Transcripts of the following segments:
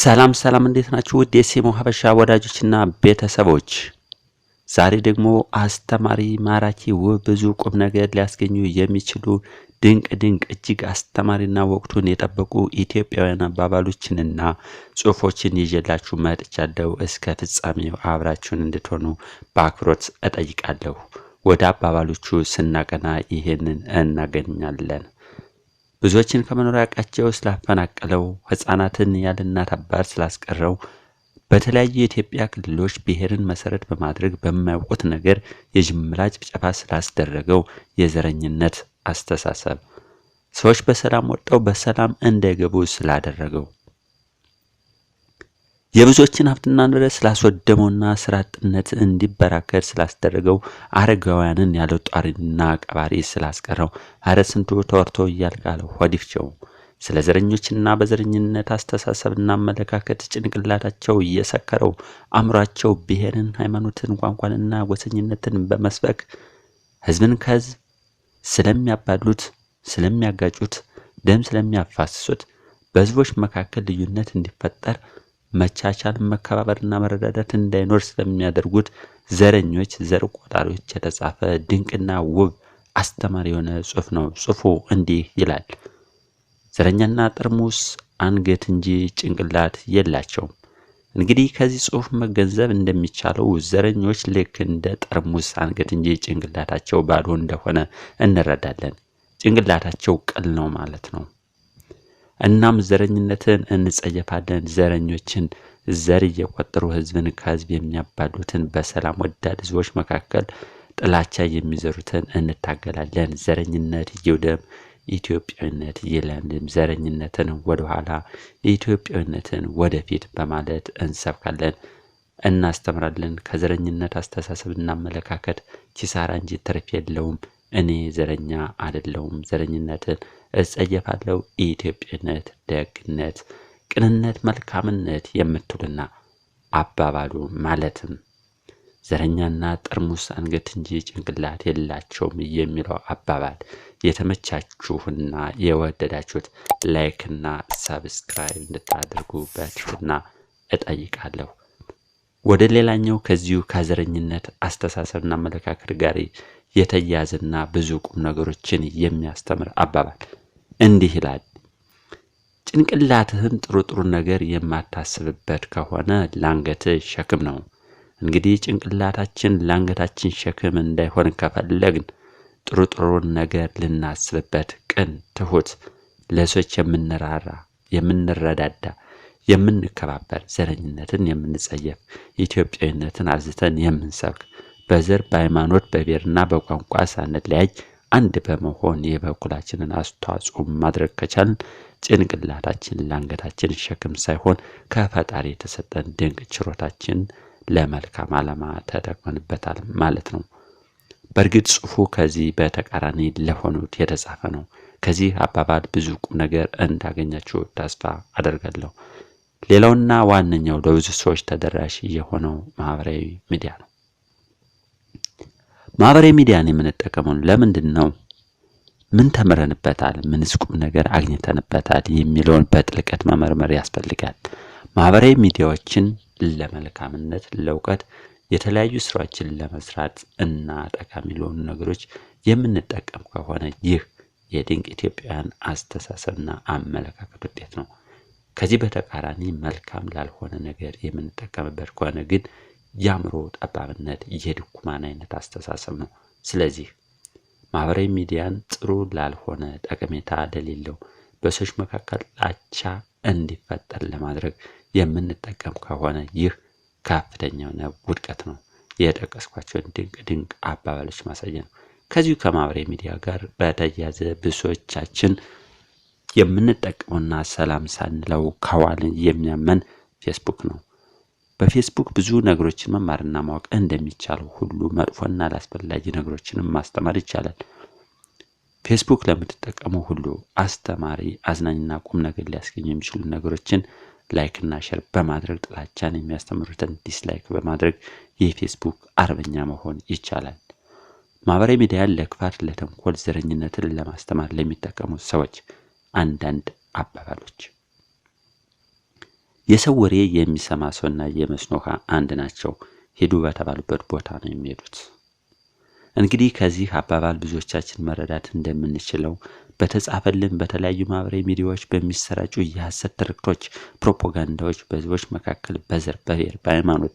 ሰላም ሰላም፣ እንዴት ናችሁ? ውድ የሴሞ ሀበሻ ወዳጆችና ቤተሰቦች፣ ዛሬ ደግሞ አስተማሪ፣ ማራኪ፣ ውብ፣ ብዙ ቁም ነገር ሊያስገኙ የሚችሉ ድንቅ ድንቅ እጅግ አስተማሪና ወቅቱን የጠበቁ ኢትዮጵያውያን አባባሎችንና ጽሁፎችን ይዤላችሁ መጥቻለሁ። እስከ ፍጻሜው አብራችሁን እንድትሆኑ በአክብሮት እጠይቃለሁ። ወደ አባባሎቹ ስናቀና ይህንን እናገኛለን። ብዙዎችን ከመኖሪያ ቀያቸው ስላፈናቀለው፣ ህጻናትን ያለ እናት አባት ስላስቀረው፣ በተለያዩ የኢትዮጵያ ክልሎች ብሔርን መሰረት በማድረግ በማያውቁት ነገር የጅምላ ጭፍጨፋ ስላስደረገው የዘረኝነት አስተሳሰብ ሰዎች በሰላም ወጥተው በሰላም እንዳይገቡ ስላደረገው የብዙዎችን ሀብትና ንብረት ስላስወደመውና ስራ አጥነት እንዲበራከር ስላስደረገው አረጋውያንን ያለ ጧሪና ቀባሪ ስላስቀረው አረ ስንቱ ተወርቶ እያልቃለ ሆዲፍቸው ስለ ዘረኞችና በዘረኝነት አስተሳሰብና አመለካከት ጭንቅላታቸው እየሰከረው አእምሯቸው ብሔርን፣ ሃይማኖትን፣ ቋንቋንና ጎሰኝነትን በመስበክ ህዝብን ከህዝብ ስለሚያባሉት፣ ስለሚያጋጩት፣ ደም ስለሚያፋስሱት በህዝቦች መካከል ልዩነት እንዲፈጠር መቻቻል፣ መከባበርና መረዳዳት እንዳይኖር ስለሚያደርጉት ዘረኞች፣ ዘር ቆጣሪዎች የተጻፈ ድንቅና ውብ አስተማሪ የሆነ ጽሑፍ ነው። ጽሑፉ እንዲህ ይላል። ዘረኛና ጠርሙስ አንገት እንጂ ጭንቅላት የላቸውም። እንግዲህ ከዚህ ጽሑፍ መገንዘብ እንደሚቻለው ዘረኞች ልክ እንደ ጠርሙስ አንገት እንጂ ጭንቅላታቸው ባዶ እንደሆነ እንረዳለን። ጭንቅላታቸው ቅል ነው ማለት ነው። እናም ዘረኝነትን እንጸየፋለን። ዘረኞችን ዘር እየቆጠሩ ህዝብን ከህዝብ የሚያባሉትን በሰላም ወዳድ ህዝቦች መካከል ጥላቻ የሚዘሩትን እንታገላለን። ዘረኝነት ይውደም፣ ኢትዮጵያዊነት ይለምልም። ዘረኝነትን ወደኋላ ኢትዮጵያዊነትን ወደፊት በማለት እንሰብካለን እናስተምራለን። ከዘረኝነት አስተሳሰብና አመለካከት ኪሳራ እንጂ ትርፍ የለውም። እኔ ዘረኛ አይደለሁም። ዘረኝነትን እጸየፋለሁ። ኢትዮጵያነት፣ ደግነት፣ ቅንነት፣ መልካምነት የምትውልና አባባሉ ማለትም ዘረኛና ጠርሙስ አንገት እንጂ ጭንቅላት የላቸውም የሚለው አባባል የተመቻችሁና የወደዳችሁት ላይክና ሰብስክራይብ እንድታደርጉ በትህትና እጠይቃለሁ። ወደ ሌላኛው ከዚሁ ከዘረኝነት አስተሳሰብና አመለካከት ጋር የተያዘና ብዙ ቁም ነገሮችን የሚያስተምር አባባል እንዲህ ይላል። ጭንቅላትህን ጥሩ ጥሩ ነገር የማታስብበት ከሆነ ላንገት ሸክም ነው። እንግዲህ ጭንቅላታችን ላንገታችን ሸክም እንዳይሆን ከፈለግን ጥሩ ጥሩን ነገር ልናስብበት፣ ቅን፣ ትሁት፣ ለሰዎች የምንራራ፣ የምንረዳዳ፣ የምንከባበር፣ ዘረኝነትን የምንጸየፍ፣ ኢትዮጵያዊነትን አብዝተን የምንሰብክ በዘር በሃይማኖት በብሔርና በቋንቋ ሳንለያይ አንድ በመሆን የበኩላችንን አስተዋጽኦ ማድረግ ከቻልን ጭንቅላታችን ለአንገታችን ሸክም ሳይሆን ከፈጣሪ የተሰጠን ድንቅ ችሮታችን ለመልካም ዓላማ ተጠቅመንበታል ማለት ነው። በእርግጥ ጽሑፉ ከዚህ በተቃራኒ ለሆኑት የተጻፈ ነው። ከዚህ አባባል ብዙ ቁም ነገር እንዳገኛችሁ ተስፋ አደርጋለሁ። ሌላውና ዋነኛው ለብዙ ሰዎች ተደራሽ የሆነው ማህበራዊ ሚዲያ ነው። ማህበራዊ ሚዲያን የምንጠቀመው ለምንድን ነው? ምን ተምረንበታል? ምንስ ቁም ነገር አግኝተንበታል? የሚለውን በጥልቀት መመርመር ያስፈልጋል። ማህበራዊ ሚዲያዎችን ለመልካምነት፣ ለእውቀት፣ የተለያዩ ስራዎችን ለመስራት እና ጠቃሚ ለሆኑ ነገሮች የምንጠቀም ከሆነ ይህ የድንቅ ኢትዮጵያውያን አስተሳሰብና አመለካከት ውጤት ነው። ከዚህ በተቃራኒ መልካም ላልሆነ ነገር የምንጠቀምበት ከሆነ ግን የአእምሮ ጠባብነት የድኩማን አይነት አስተሳሰብ ነው። ስለዚህ ማህበራዊ ሚዲያን ጥሩ ላልሆነ ጠቀሜታ ለሌለው በሰዎች መካከል ጥላቻ እንዲፈጠር ለማድረግ የምንጠቀም ከሆነ ይህ ከፍተኛ የሆነ ውድቀት ነው። የጠቀስኳቸውን ድንቅ ድንቅ አባባሎች ማሳያ ነው። ከዚሁ ከማህበራዊ ሚዲያ ጋር በተያያዘ ብሶቻችን የምንጠቀመውና ሰላም ሳንለው ከዋልን የሚያመን ፌስቡክ ነው። በፌስቡክ ብዙ ነገሮችን መማርና ማወቅ እንደሚቻል ሁሉ መጥፎና አላስፈላጊ ነገሮችንም ማስተማር ይቻላል። ፌስቡክ ለምትጠቀሙ ሁሉ አስተማሪ፣ አዝናኝና ቁም ነገር ሊያስገኙ የሚችሉ ነገሮችን ላይክና ሸር በማድረግ ጥላቻን የሚያስተምሩትን ዲስላይክ በማድረግ የፌስቡክ አርበኛ መሆን ይቻላል። ማህበራዊ ሚዲያን ለክፋት፣ ለተንኮል፣ ዘረኝነትን ለማስተማር ለሚጠቀሙት ሰዎች አንዳንድ አባባሎች የሰው ወሬ የሚሰማ ሰውና የመስኖ ውሃ አንድ ናቸው፣ ሄዱ በተባሉበት ቦታ ነው የሚሄዱት። እንግዲህ ከዚህ አባባል ብዙዎቻችን መረዳት እንደምንችለው በተጻፈልን በተለያዩ ማህበራዊ ሚዲያዎች በሚሰራጩ የሐሰት ትርክቶች፣ ፕሮፓጋንዳዎች በህዝቦች መካከል በዘር፣ በብሔር፣ በሃይማኖት፣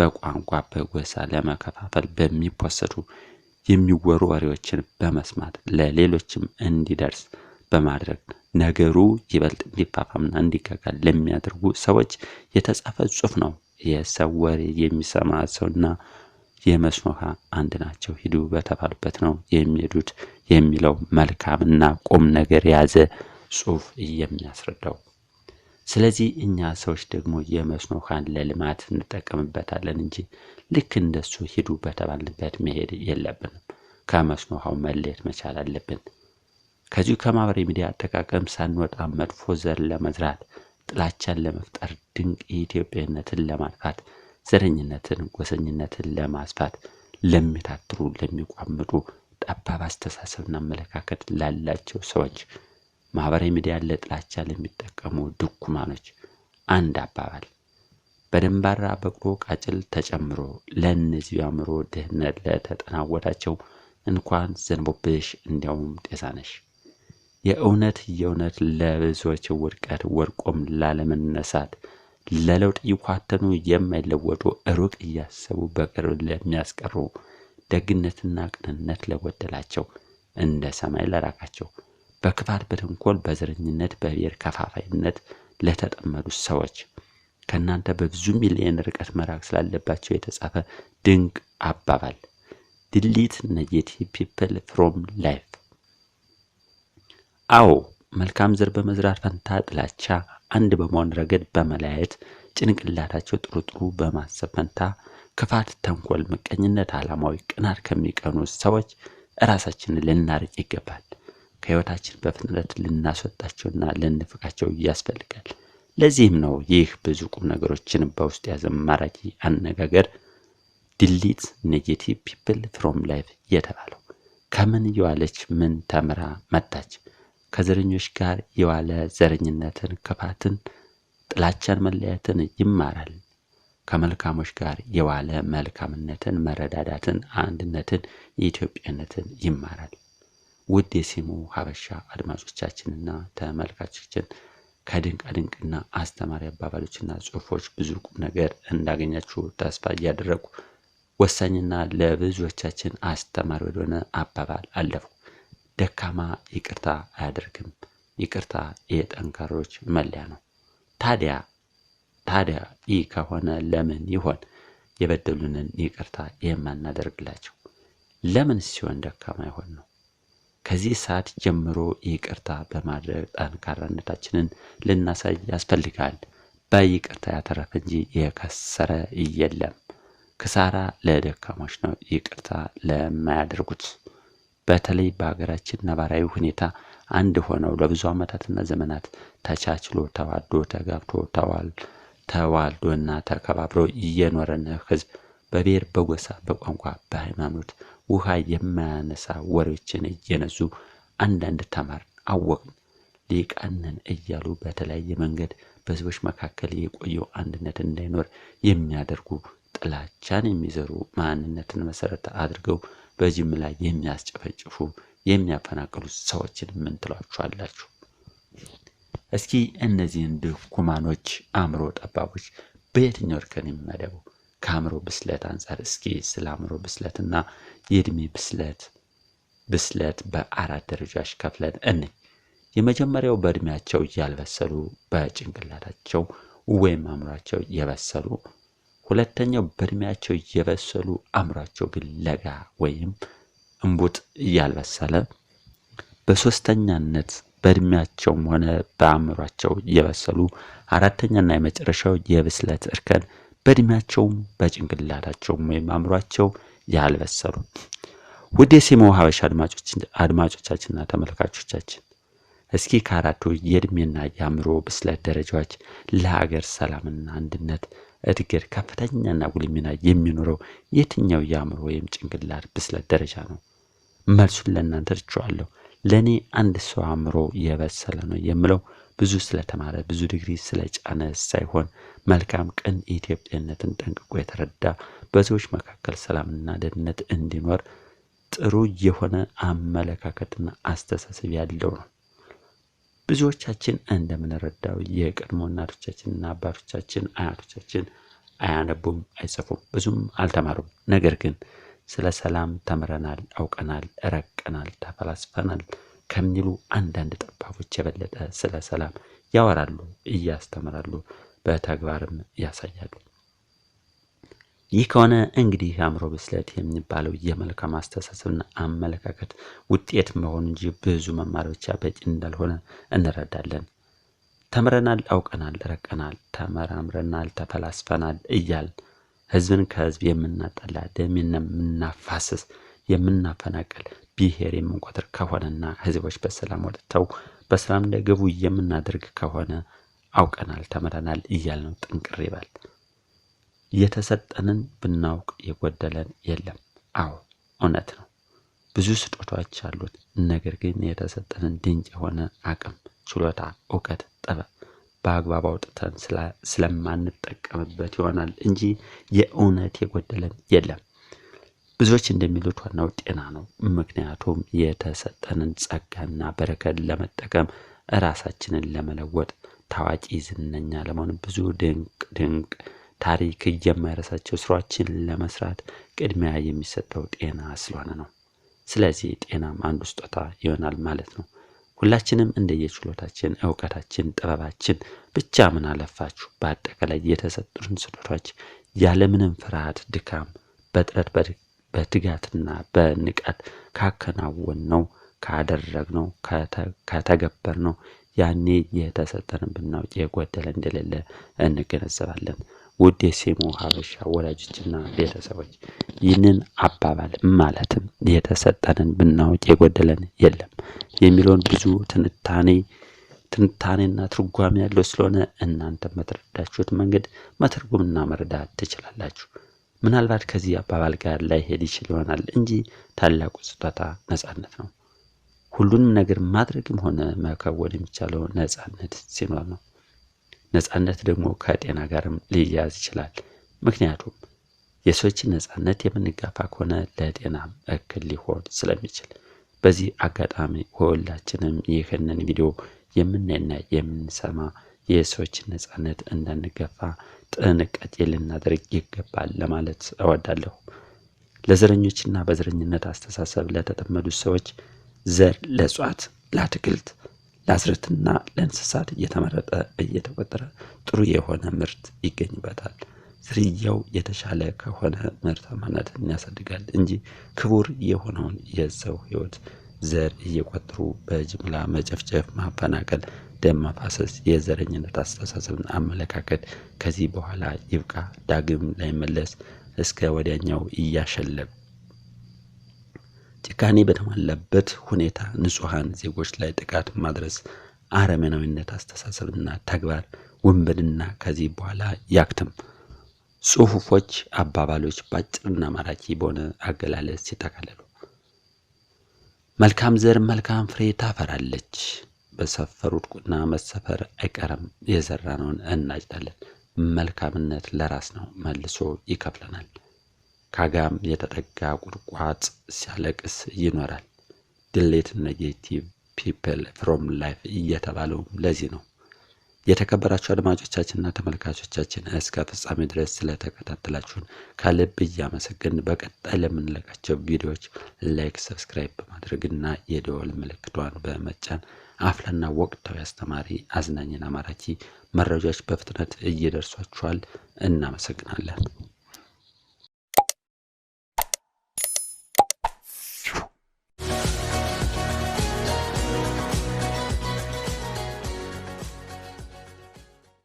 በቋንቋ፣ በጎሳ ለመከፋፈል በሚፖሰዱ የሚወሩ ወሬዎችን በመስማት ለሌሎችም እንዲደርስ በማድረግ ነገሩ ይበልጥ እንዲፋፋምና እንዲጋጋል ለሚያደርጉ ሰዎች የተጻፈ ጽሑፍ ነው። የሰው ወሬ የሚሰማ ሰውና የመስኖ ውሃ አንድ ናቸው፣ ሂዱ በተባሉበት ነው የሚሄዱት የሚለው መልካምና ቁም ነገር የያዘ ጽሑፍ የሚያስረዳው። ስለዚህ እኛ ሰዎች ደግሞ የመስኖ ውሃን ለልማት እንጠቀምበታለን እንጂ ልክ እንደሱ ሂዱ በተባልንበት መሄድ የለብንም። ከመስኖ ውሃው መለየት መቻል አለብን። ከዚሁ ከማህበራዊ ሚዲያ አጠቃቀም ሳንወጣ መጥፎ ዘር ለመዝራት፣ ጥላቻን ለመፍጠር፣ ድንቅ የኢትዮጵያነትን ለማጥፋት፣ ዘረኝነትን፣ ጎሰኝነትን ለማስፋት ለሚታትሩ፣ ለሚቋምጡ፣ ጠባብ አስተሳሰብና አመለካከት ላላቸው ሰዎች ማህበራዊ ሚዲያ ለጥላቻ ለሚጠቀሙ ድኩማኖች አንድ አባባል በደንባራ በቅሎ ቃጭል ተጨምሮ ለእነዚሁ አእምሮ ድህነት ለተጠናወታቸው እንኳን ዘንቦብሽ እንዲያውም ጤዛ ነሽ። የእውነት የእውነት ለብዙዎች ውድቀት ወድቆም ላለመነሳት ለለውጥ ይኳተኑ የማይለወጡ ሩቅ እያሰቡ በቅርብ ለሚያስቀሩ ደግነትና ቅንነት ለጎደላቸው እንደ ሰማይ ለራቃቸው በክፋት በተንኮል በዘረኝነት በብሔር ከፋፋይነት ለተጠመዱ ሰዎች ከእናንተ በብዙ ሚሊዮን ርቀት መራቅ ስላለባቸው የተጻፈ ድንቅ አባባል ድሊት ነጌቲቭ ፒፕል ፍሮም ላይፍ አዎ መልካም ዘር በመዝራት ፈንታ ጥላቻ አንድ በመሆን ረገድ በመለያየት ጭንቅላታቸው ጥሩ ጥሩ በማሰብ ፈንታ ክፋት፣ ተንኮል፣ ምቀኝነት፣ ዓላማዊ ቅናት ከሚቀኑ ሰዎች እራሳችንን ልናርቅ ይገባል። ከሕይወታችን በፍጥነት ልናስወጣቸውና ልንፍቃቸው ያስፈልጋል። ለዚህም ነው ይህ ብዙ ቁም ነገሮችን በውስጡ የያዘ ማራኪ አነጋገር ድሊት ኔጌቲቭ ፒፕል ፍሮም ላይፍ የተባለው። ከምን እየዋለች ምን ተምራ መጣች? ከዘረኞች ጋር የዋለ ዘረኝነትን፣ ክፋትን፣ ጥላቻን፣ መለያየትን ይማራል። ከመልካሞች ጋር የዋለ መልካምነትን፣ መረዳዳትን፣ አንድነትን፣ የኢትዮጵያነትን ይማራል። ውድ የሲሙ ሀበሻ አድማጮቻችንና ተመልካቾችን ከድንቅ ድንቅና አስተማሪ አባባሎችና ጽሑፎች ብዙ ቁም ነገር እንዳገኛችሁ ተስፋ እያደረጉ ወሳኝና ለብዙዎቻችን አስተማሪ ወደሆነ አባባል አለፉ። ደካማ ይቅርታ አያደርግም። ይቅርታ የጠንካሮች መለያ ነው። ታዲያ ታዲያ ይህ ከሆነ ለምን ይሆን የበደሉንን ይቅርታ የማናደርግላቸው? ለምን ሲሆን ደካማ ይሆን ነው? ከዚህ ሰዓት ጀምሮ ይቅርታ በማድረግ ጠንካራነታችንን ልናሳይ ያስፈልጋል። በይቅርታ ያተረፈ እንጂ የከሰረ የለም። ክሳራ ለደካሞች ነው፣ ይቅርታ ለማያደርጉት በተለይ በሀገራችን ነባራዊ ሁኔታ አንድ ሆነው ለብዙ ዓመታትና ዘመናት ተቻችሎ ተዋዶ ተጋብቶ ተዋል ተዋልዶና ተከባብሮ እየኖረን ህዝብ በብሔር፣ በጎሳ፣ በቋንቋ፣ በሃይማኖት ውሃ የማያነሳ ወሬዎችን እየነዙ አንዳንድ ተማርን አወቅን ሊቃንን እያሉ በተለያየ መንገድ በህዝቦች መካከል የቆየው አንድነት እንዳይኖር የሚያደርጉ ጥላቻን የሚዘሩ ማንነትን መሰረት አድርገው በጅምላ የሚያስጨፈጭፉ የሚያፈናቅሉ ሰዎችን ምን ትሏችኋላችሁ? እስኪ እነዚህን ድኩማኖች አእምሮ ጠባቦች በየትኛው እርከን የሚመደቡ ከአእምሮ ብስለት አንጻር እስኪ ስለ አእምሮ ብስለትና የእድሜ ብስለት ብስለት በአራት ደረጃዎች ከፍለን እኔ የመጀመሪያው በእድሜያቸው ያልበሰሉ በጭንቅላታቸው ወይም አእምሯቸው የበሰሉ ሁለተኛው በእድሜያቸው የበሰሉ አእምሯቸው ግን ለጋ ወይም እምቡጥ እያልበሰለ፣ በሶስተኛነት በእድሜያቸውም ሆነ በአእምሯቸው እየበሰሉ አራተኛና የመጨረሻው የብስለት እርከን በእድሜያቸውም በጭንቅላታቸውም ወይም አእምሯቸው ያልበሰሉ። ውድ የሴሞ ሀበሻ አድማጮቻችንና ተመልካቾቻችን እስኪ ከአራቱ የእድሜና የአእምሮ ብስለት ደረጃዎች ለሀገር ሰላምና አንድነት እድገት ከፍተኛና ጉልህ ሚና የሚኖረው የትኛው የአእምሮ ወይም ጭንቅላት ብስለት ደረጃ ነው? መልሱን ለእናንተ ትችዋለሁ። ለእኔ አንድ ሰው አእምሮ የበሰለ ነው የምለው ብዙ ስለተማረ ብዙ ዲግሪ ስለጫነ ሳይሆን መልካም ቅን ኢትዮጵያነትን ጠንቅቆ የተረዳ በሰዎች መካከል ሰላምና ደህንነት እንዲኖር ጥሩ የሆነ አመለካከትና አስተሳሰብ ያለው ነው። ብዙዎቻችን እንደምንረዳው የቀድሞ እናቶቻችንና አባቶቻችን አያቶቻችን አያነቡም፣ አይጽፉም፣ ብዙም አልተማሩም። ነገር ግን ስለ ሰላም ተምረናል፣ አውቀናል፣ ረቀናል፣ ተፈላስፈናል ከሚሉ አንዳንድ ጠባቦች የበለጠ ስለ ሰላም ያወራሉ፣ እያስተምራሉ፣ በተግባርም ያሳያሉ። ይህ ከሆነ እንግዲህ አእምሮ ብስለት የሚባለው የመልካም አስተሳሰብና አመለካከት ውጤት መሆን እንጂ ብዙ መማር ብቻ በቂ እንዳልሆነ እንረዳለን። ተምረናል፣ አውቀናል፣ ረቀናል፣ ተመራምረናል፣ ተፈላስፈናል እያል ህዝብን ከህዝብ የምናጠላ ደም የምናፋስስ የምናፈናቀል ብሔር የምንቆጥር ከሆነና ህዝቦች በሰላም ወጥተው በሰላም እንዳይገቡ የምናደርግ ከሆነ አውቀናል፣ ተምረናል እያል ነው። ጥንቅር ይበል። የተሰጠንን ብናውቅ የጎደለን የለም። አዎ እውነት ነው። ብዙ ስጦታዎች አሉት። ነገር ግን የተሰጠንን ድንቅ የሆነ አቅም፣ ችሎታ፣ እውቀት፣ ጥበብ በአግባብ አውጥተን ስለማንጠቀምበት ይሆናል እንጂ የእውነት የጎደለን የለም። ብዙዎች እንደሚሉት ዋናው ጤና ነው። ምክንያቱም የተሰጠንን ጸጋና በረከት ለመጠቀም ራሳችንን ለመለወጥ ታዋቂ፣ ዝነኛ ለመሆን ብዙ ድንቅ ድንቅ ታሪክ የማይረሳቸው ስራዎችን ለመስራት ቅድሚያ የሚሰጠው ጤና ስለሆነ ነው። ስለዚህ ጤናም አንዱ ስጦታ ይሆናል ማለት ነው። ሁላችንም እንደየችሎታችን፣ እውቀታችን፣ ጥበባችን ብቻ ምን አለፋችሁ በአጠቃላይ የተሰጡን ስጦታዎች ያለምንም ፍርሃት፣ ድካም በጥረት በትጋትና በንቃት ካከናወን ነው ካደረግ ነው ከተገበር ነው ያኔ የተሰጠንን ብናውቅ የጎደለ እንደሌለ እንገነዘባለን። ውድ የሴሞ ሀበሻ ወዳጆችና ቤተሰቦች ይህንን አባባል ማለትም የተሰጠንን ብናውቅ የጎደለን የለም የሚለውን ብዙ ትንታኔ ትንታኔና ትርጓሜ ያለው ስለሆነ እናንተ በተረዳችሁት መንገድ መተርጎምና መረዳት ትችላላችሁ። ምናልባት ከዚህ አባባል ጋር ላይሄድ ይችል ይሆናል እንጂ ታላቁ ስጦታ ነጻነት ነው። ሁሉንም ነገር ማድረግም ሆነ መከወን የሚቻለው ነጻነት ሲኖር ነው። ነፃነት ደግሞ ከጤና ጋርም ሊያያዝ ይችላል። ምክንያቱም የሰዎችን ነፃነት የምንጋፋ ከሆነ ለጤናም እክል ሊሆን ስለሚችል በዚህ አጋጣሚ ሁላችንም ይህንን ቪዲዮ የምናይና የምንሰማ የሰዎችን ነፃነት እንዳንገፋ ጥንቃቄ ልናደርግ ይገባል ለማለት እወዳለሁ። ለዘረኞችና በዘረኝነት አስተሳሰብ ለተጠመዱ ሰዎች ዘር ለእጽዋት፣ ለአትክልት ለአስርትና ለእንስሳት እየተመረጠ እየተቆጠረ ጥሩ የሆነ ምርት ይገኝበታል። ዝርያው የተሻለ ከሆነ ምርታማነትን ያሳድጋል እንጂ ክቡር የሆነውን የሰው ህይወት ዘር እየቆጠሩ በጅምላ መጨፍጨፍ፣ ማፈናቀል፣ ደም ማፋሰስ የዘረኝነት አስተሳሰብን አመለካከት ከዚህ በኋላ ይብቃ፣ ዳግም ላይመለስ እስከ ወዲያኛው እያሸለብ ጭካኔ በተሞላበት ሁኔታ ንጹሐን ዜጎች ላይ ጥቃት ማድረስ አረመናዊነት አስተሳሰብና ተግባር ውንብድና ከዚህ በኋላ ያክትም። ጽሑፎች፣ አባባሎች በአጭርና ማራኪ በሆነ አገላለጽ ሲጠቃለሉ መልካም ዘር መልካም ፍሬ ታፈራለች። በሰፈሩት ቁና መሰፈር አይቀርም። የዘራነውን እናጭዳለን። መልካምነት ለራስ ነው፣ መልሶ ይከፍለናል። ካጋም የተጠጋ ቁርቋጽ ሲያለቅስ ይኖራል። ድሌት ኔጌቲቭ ፒፕል ፍሮም ላይፍ እየተባለው ለዚህ ነው። የተከበራችሁ አድማጮቻችንና ተመልካቾቻችን እስከ ፍጻሜ ድረስ ስለተከታተላችሁን ከልብ እያመሰገን በቀጣይ ለምንለቃቸው ቪዲዮዎች ላይክ፣ ሰብስክራይብ በማድረግና የደወል ምልክቷን በመጫን አፍላና ወቅታዊ አስተማሪ አዝናኝና ማራኪ መረጃዎች በፍጥነት እየደርሷችኋል። እናመሰግናለን።